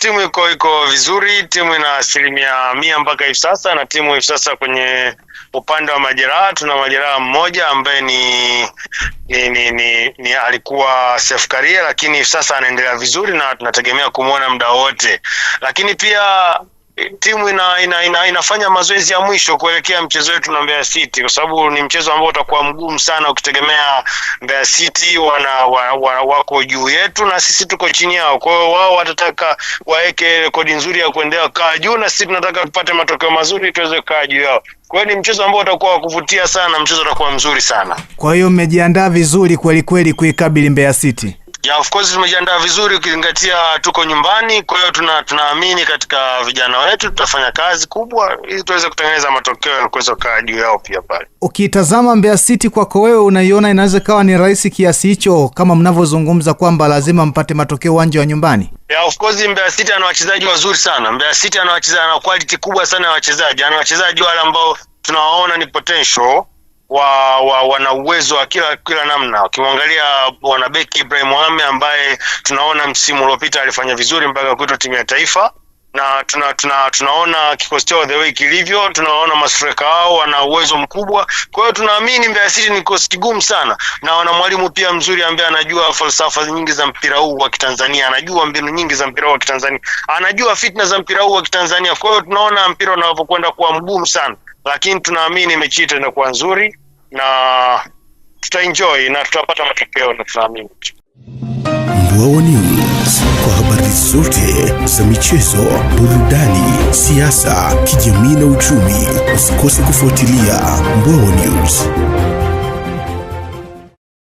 Timu iko iko vizuri, timu ina asilimia mia mpaka hivi sasa, na timu hivi sasa kwenye upande wa majeraha tuna majeraha mmoja ambaye ni, ni, ni, ni, ni alikuwa sefkaria lakini hivi sasa anaendelea vizuri na tunategemea kumwona muda wote, lakini pia timu ina, ina, ina, inafanya mazoezi ya mwisho kuelekea mchezo wetu na Mbeya City kwa sababu ni mchezo ambao utakuwa mgumu sana ukitegemea Mbeya City wana, wa, wa, wako juu yetu na sisi tuko chini yao. Kwa hiyo wao watataka waweke rekodi nzuri ya kuendelea kaa juu, na sisi tunataka tupate matokeo mazuri tuweze kaa juu yao. Kwa hiyo ni mchezo ambao utakuwa wa kuvutia sana, mchezo utakuwa mzuri sana. Kwa hiyo mmejiandaa vizuri kweli kweli kuikabili Mbeya City. Yeah, of course tumejiandaa vizuri ukizingatia tuko nyumbani, kwa hiyo tuna tunaamini katika vijana wetu, tutafanya kazi kubwa ili tuweze kutengeneza matokeo kuweza kukaa juu yao pia pale. Ukitazama Mbeya City kwako wewe, unaiona inaweza ikawa ni rahisi kiasi hicho kama mnavyozungumza kwamba lazima mpate matokeo uwanja wa nyumbani? Yeah, of course Mbeya City ana wachezaji wazuri sana. Mbeya City ana wachezaji, ana quality kubwa sana ya wachezaji, ana wachezaji wale ambao tunawaona ni potential wa, wa wana uwezo wa kila kila namna. Ukimwangalia wana beki Ibrahim Mohamed ambaye tunaona msimu uliopita alifanya vizuri mpaka kuitwa timu ya taifa na tuna, tuna, tunaona kikosi chao the way kilivyo, tunaona mastreka wao wana uwezo mkubwa. Kwa hiyo tunaamini Mbeya City ni kikosi kigumu sana, na wana mwalimu pia mzuri ambaye anajua falsafa nyingi za mpira huu wa Kitanzania, anajua mbinu nyingi za mpira huu wa Kitanzania, anajua fitna za mpira huu wa Kitanzania. Kwa hiyo tunaona mpira unavyokwenda kuwa mgumu sana lakini tunaamini mechi hii itakuwa nzuri na tutaenjoy na tutapata matokeo na tunaamini. Mbwawa News kwa habari zote za michezo, burudani, siasa, kijamii na uchumi, usikose kufuatilia Mbwawa News.